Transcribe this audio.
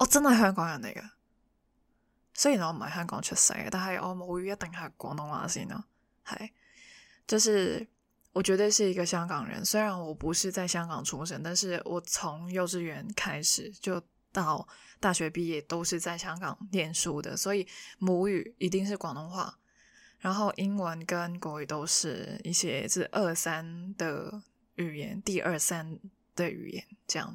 我、oh，真係香港人嚟㗎，雖然我唔係香港出世，但係我、哦、母語一定係廣東話先咯。係，就是我絕對是一個香港人。雖然我不是在香港出生，但是我從幼稚園開始就到大學畢業都是在香港念書的，所以母語一定是廣東話。然後英文跟國語都是一些是二三的語言，第二三的語言這樣。